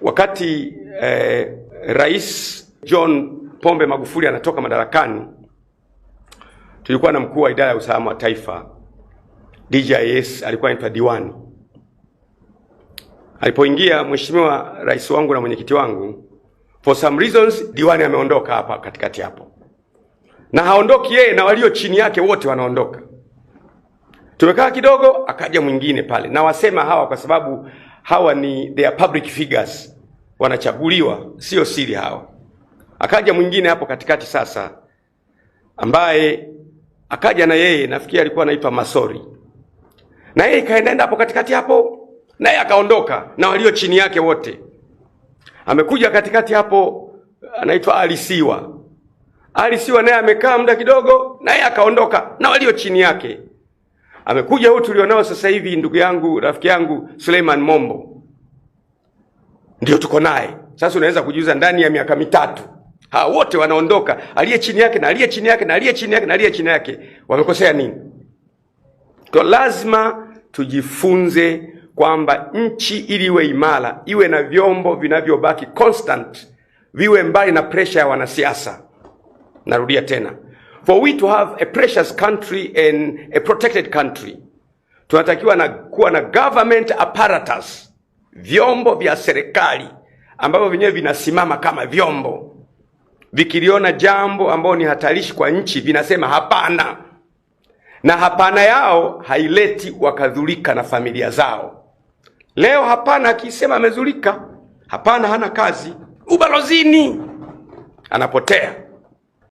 Wakati eh, Rais John Pombe Magufuli anatoka madarakani, tulikuwa na mkuu wa idara ya usalama wa taifa DJIS, alikuwa anaitwa Diwani. Alipoingia mheshimiwa rais wangu na mwenyekiti wangu, for some reasons Diwani ameondoka hapa katikati hapo, na haondoki yeye, na walio chini yake wote wanaondoka. Tumekaa kidogo, akaja mwingine pale, na wasema hawa kwa sababu hawa ni they are public figures, wanachaguliwa, sio siri hawa. Akaja mwingine hapo katikati sasa, ambaye akaja na yeye, nafikiri alikuwa anaitwa Masori, na yeye ikaendaenda hapo katikati hapo, yeye akaondoka na walio chini yake wote. Amekuja katikati hapo, anaitwa Alisiwa. Alisiwa naye amekaa muda kidogo, na yeye akaondoka na walio chini yake amekuja huu tulionao sasa hivi, ndugu yangu, rafiki yangu Suleiman Mombo, ndio tuko naye sasa. Unaweza kujiuza ndani ya miaka mitatu hawa wote wanaondoka, aliye chini yake na aliye chini yake na aliye chini yake na aliye chini yake, wamekosea nini? Kwa lazima tujifunze kwamba nchi ili iwe imara iwe na vyombo vinavyobaki constant, viwe mbali na presha ya wanasiasa. Narudia tena for we to have a precious country and a protected country, tunatakiwa na kuwa na government apparatus, vyombo vya serikali ambavyo vyenyewe vinasimama kama vyombo, vikiliona jambo ambayo ni hatarishi kwa nchi vinasema hapana, na hapana yao haileti wakadhulika na familia zao. Leo hapana akisema amezulika, hapana hana kazi ubalozini, anapotea.